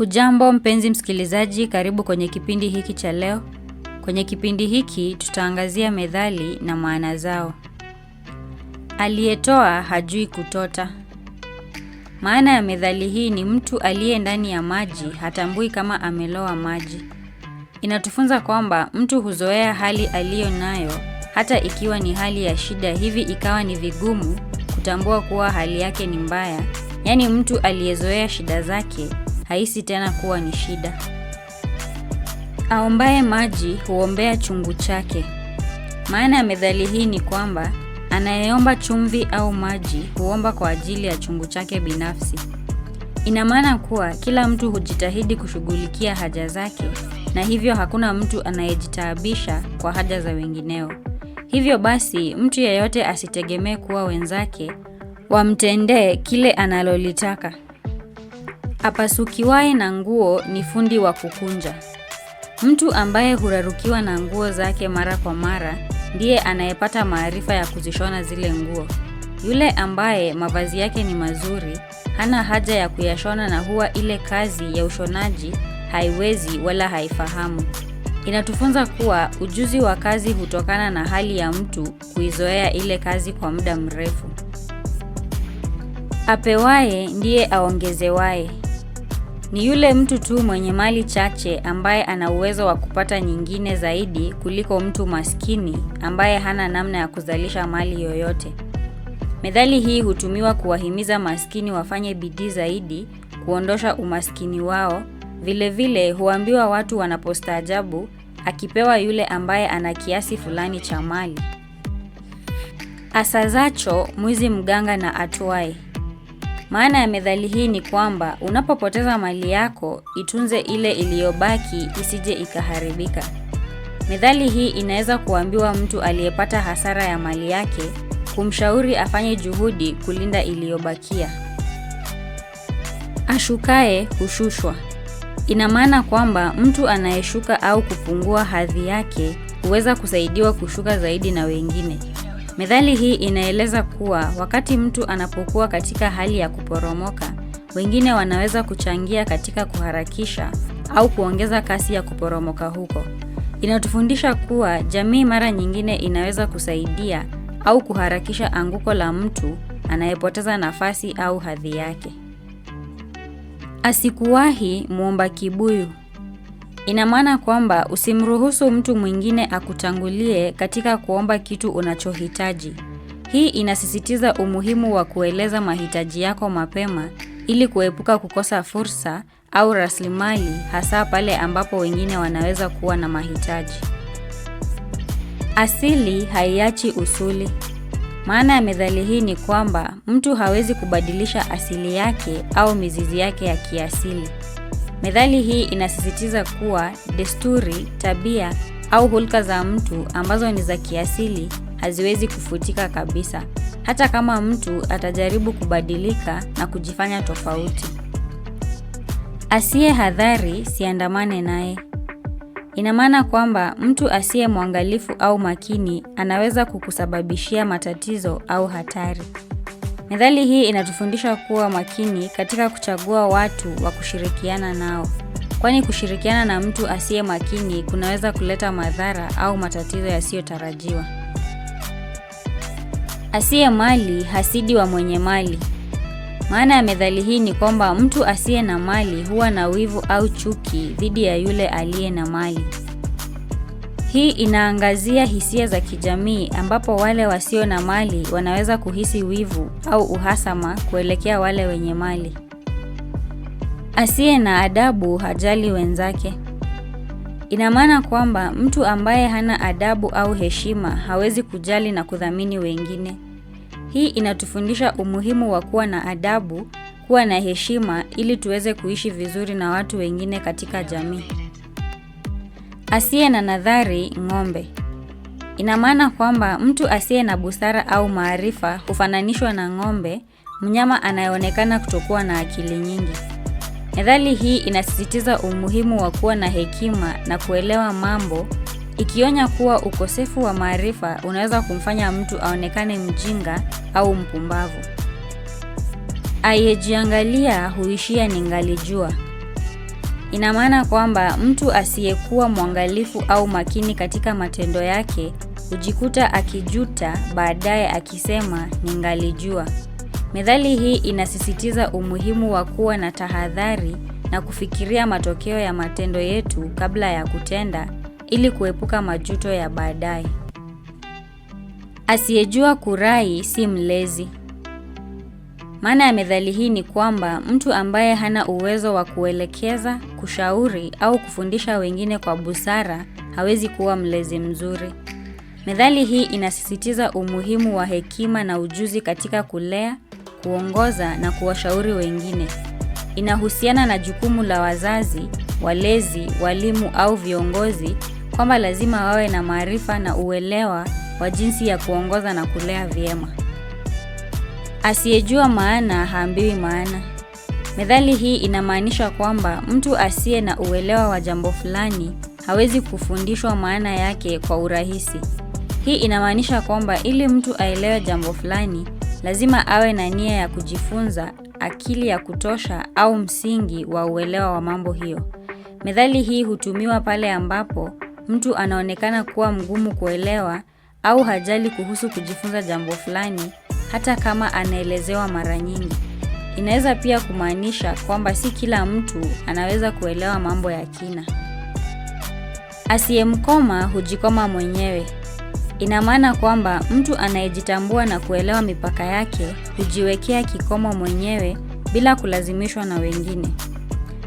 Hujambo mpenzi msikilizaji, karibu kwenye kipindi hiki cha leo. Kwenye kipindi hiki tutaangazia methali na maana zao. Aliyetoa hajui kutota. Maana ya methali hii ni mtu aliye ndani ya maji hatambui kama ameloa maji. Inatufunza kwamba mtu huzoea hali aliyo nayo hata ikiwa ni hali ya shida hivi ikawa ni vigumu kutambua kuwa hali yake ni mbaya. Yaani mtu aliyezoea shida zake haisi tena kuwa ni shida. Aombaye maji huombea chungu chake. Maana ya methali hii ni kwamba anayeomba chumvi au maji huomba kwa ajili ya chungu chake binafsi. Ina maana kuwa kila mtu hujitahidi kushughulikia haja zake, na hivyo hakuna mtu anayejitaabisha kwa haja za wengineo. Hivyo basi, mtu yeyote asitegemee kuwa wenzake wamtendee kile analolitaka. Apasukiwaye na nguo ni fundi wa kukunja. Mtu ambaye hurarukiwa na nguo zake mara kwa mara ndiye anayepata maarifa ya kuzishona zile nguo. Yule ambaye mavazi yake ni mazuri hana haja ya kuyashona na huwa ile kazi ya ushonaji haiwezi wala haifahamu. Inatufunza kuwa ujuzi wa kazi hutokana na hali ya mtu kuizoea ile kazi kwa muda mrefu. Apewaye ndiye aongezewaye ni yule mtu tu mwenye mali chache ambaye ana uwezo wa kupata nyingine zaidi kuliko mtu maskini ambaye hana namna ya kuzalisha mali yoyote. Methali hii hutumiwa kuwahimiza maskini wafanye bidii zaidi kuondosha umaskini wao. Vile vile huambiwa watu wanapostaajabu, akipewa yule ambaye ana kiasi fulani cha mali. Asazacho mwizi mganga na atwae maana ya methali hii ni kwamba unapopoteza mali yako, itunze ile iliyobaki isije ikaharibika. Methali hii inaweza kuambiwa mtu aliyepata hasara ya mali yake, kumshauri afanye juhudi kulinda iliyobakia. Ashukaye hushushwa. Ina maana kwamba mtu anayeshuka au kupungua hadhi yake huweza kusaidiwa kushuka zaidi na wengine. Methali hii inaeleza kuwa wakati mtu anapokuwa katika hali ya kuporomoka, wengine wanaweza kuchangia katika kuharakisha au kuongeza kasi ya kuporomoka huko. Inatufundisha kuwa jamii mara nyingine inaweza kusaidia au kuharakisha anguko la mtu anayepoteza nafasi au hadhi yake. Asikuwahi muomba kibuyu. Ina maana kwamba usimruhusu mtu mwingine akutangulie katika kuomba kitu unachohitaji. Hii inasisitiza umuhimu wa kueleza mahitaji yako mapema ili kuepuka kukosa fursa au rasilimali hasa pale ambapo wengine wanaweza kuwa na mahitaji. Asili haiachi usuli. Maana ya methali hii ni kwamba mtu hawezi kubadilisha asili yake au mizizi yake ya kiasili. Methali hii inasisitiza kuwa desturi, tabia au hulka za mtu ambazo ni za kiasili haziwezi kufutika kabisa, hata kama mtu atajaribu kubadilika na kujifanya tofauti. Asiye hadhari siandamane naye. Ina maana kwamba mtu asiye mwangalifu au makini anaweza kukusababishia matatizo au hatari. Methali hii inatufundisha kuwa makini katika kuchagua watu wa kushirikiana nao, kwani kushirikiana na mtu asiye makini kunaweza kuleta madhara au matatizo yasiyotarajiwa. Asiye mali hasidi wa mwenye mali. Maana ya methali hii ni kwamba mtu asiye na mali huwa na wivu au chuki dhidi ya yule aliye na mali. Hii inaangazia hisia za kijamii ambapo wale wasio na mali wanaweza kuhisi wivu au uhasama kuelekea wale wenye mali. Asiye na adabu hajali wenzake. Ina maana kwamba mtu ambaye hana adabu au heshima hawezi kujali na kudhamini wengine. Hii inatufundisha umuhimu wa kuwa na adabu, kuwa na heshima ili tuweze kuishi vizuri na watu wengine katika jamii. Asiye na nadhari ng'ombe. Ina maana kwamba mtu asiye na busara au maarifa hufananishwa na ng'ombe, mnyama anayeonekana kutokuwa na akili nyingi. Methali hii inasisitiza umuhimu wa kuwa na hekima na kuelewa mambo, ikionya kuwa ukosefu wa maarifa unaweza kumfanya mtu aonekane mjinga au mpumbavu. Aiyejiangalia huishia ningalijua. Ina maana kwamba mtu asiyekuwa mwangalifu au makini katika matendo yake hujikuta akijuta baadaye akisema ningalijua. Methali hii inasisitiza umuhimu wa kuwa na tahadhari na kufikiria matokeo ya matendo yetu kabla ya kutenda ili kuepuka majuto ya baadaye. Asiyejua kurai si mlezi. Maana ya methali hii ni kwamba mtu ambaye hana uwezo wa kuelekeza, kushauri au kufundisha wengine kwa busara hawezi kuwa mlezi mzuri. Methali hii inasisitiza umuhimu wa hekima na ujuzi katika kulea, kuongoza na kuwashauri wengine. Inahusiana na jukumu la wazazi, walezi, walimu au viongozi kwamba lazima wawe na maarifa na uelewa wa jinsi ya kuongoza na kulea vyema. Asiyejua maana haambiwi maana. Methali hii inamaanisha kwamba mtu asiye na uelewa wa jambo fulani hawezi kufundishwa maana yake kwa urahisi. Hii inamaanisha kwamba ili mtu aelewe jambo fulani, lazima awe na nia ya kujifunza, akili ya kutosha au msingi wa uelewa wa mambo hiyo. Methali hii hutumiwa pale ambapo mtu anaonekana kuwa mgumu kuelewa au hajali kuhusu kujifunza jambo fulani hata kama anaelezewa mara nyingi. Inaweza pia kumaanisha kwamba si kila mtu anaweza kuelewa mambo ya kina. Asiyemkoma hujikoma mwenyewe. Ina maana kwamba mtu anayejitambua na kuelewa mipaka yake hujiwekea kikomo mwenyewe bila kulazimishwa na wengine.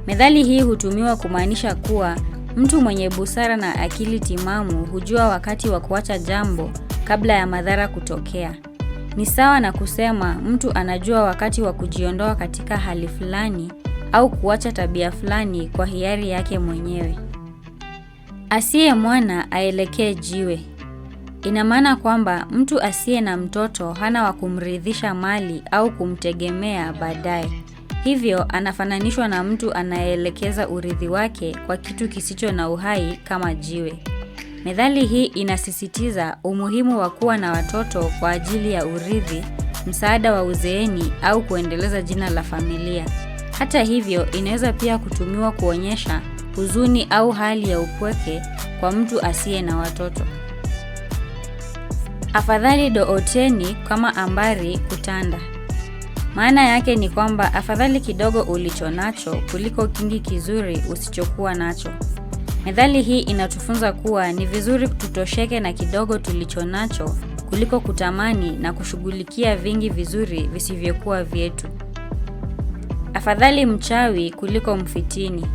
Methali hii hutumiwa kumaanisha kuwa mtu mwenye busara na akili timamu hujua wakati wa kuacha jambo kabla ya madhara kutokea. Ni sawa na kusema mtu anajua wakati wa kujiondoa katika hali fulani au kuacha tabia fulani kwa hiari yake mwenyewe. Asiye mwana aelekee jiwe. Ina maana kwamba mtu asiye na mtoto hana wa kumridhisha mali au kumtegemea baadaye. Hivyo anafananishwa na mtu anayeelekeza urithi wake kwa kitu kisicho na uhai kama jiwe. Methali hii inasisitiza umuhimu wa kuwa na watoto kwa ajili ya urithi, msaada wa uzeeni au kuendeleza jina la familia. Hata hivyo, inaweza pia kutumiwa kuonyesha huzuni au hali ya upweke kwa mtu asiye na watoto. Afadhali dooteni kama ambari kutanda. Maana yake ni kwamba afadhali kidogo ulicho nacho kuliko kingi kizuri usichokuwa nacho. Methali hii inatufunza kuwa ni vizuri tutosheke na kidogo tulichonacho kuliko kutamani na kushughulikia vingi vizuri visivyokuwa vyetu. Afadhali mchawi kuliko mfitini.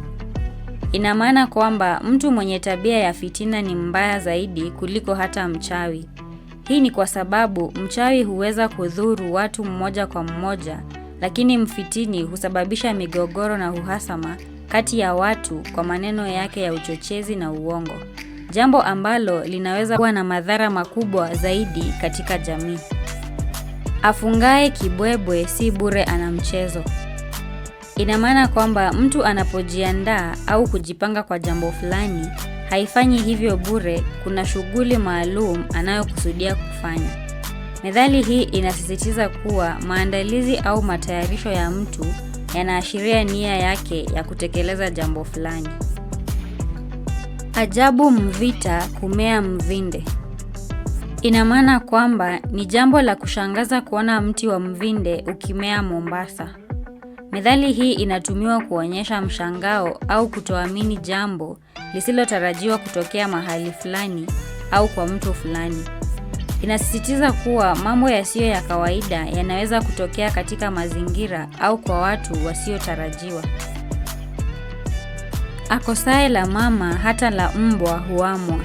Ina maana kwamba mtu mwenye tabia ya fitina ni mbaya zaidi kuliko hata mchawi. Hii ni kwa sababu mchawi huweza kudhuru watu mmoja kwa mmoja, lakini mfitini husababisha migogoro na uhasama kati ya watu kwa maneno yake ya uchochezi na uongo, jambo ambalo linaweza kuwa na madhara makubwa zaidi katika jamii. Afungaye kibwebwe si bure ana mchezo. Ina maana kwamba mtu anapojiandaa au kujipanga kwa jambo fulani, haifanyi hivyo bure, kuna shughuli maalum anayokusudia kufanya. Methali hii inasisitiza kuwa maandalizi au matayarisho ya mtu yanaashiria nia yake ya kutekeleza jambo fulani. Ajabu mvita kumea mvinde. Ina maana kwamba ni jambo la kushangaza kuona mti wa mvinde ukimea Mombasa. Methali hii inatumiwa kuonyesha mshangao au kutoamini jambo lisilotarajiwa kutokea mahali fulani au kwa mtu fulani. Inasisitiza kuwa mambo yasiyo ya kawaida yanaweza kutokea katika mazingira au kwa watu wasiotarajiwa. Akosaye la mama hata la mbwa huamwa.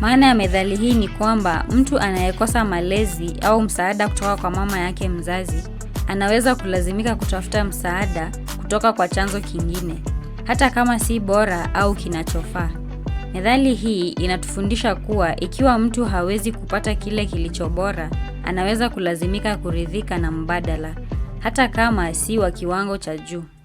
Maana ya methali hii ni kwamba mtu anayekosa malezi au msaada kutoka kwa mama yake mzazi anaweza kulazimika kutafuta msaada kutoka kwa chanzo kingine, hata kama si bora au kinachofaa. Methali hii inatufundisha kuwa ikiwa mtu hawezi kupata kile kilicho bora, anaweza kulazimika kuridhika na mbadala, hata kama si wa kiwango cha juu.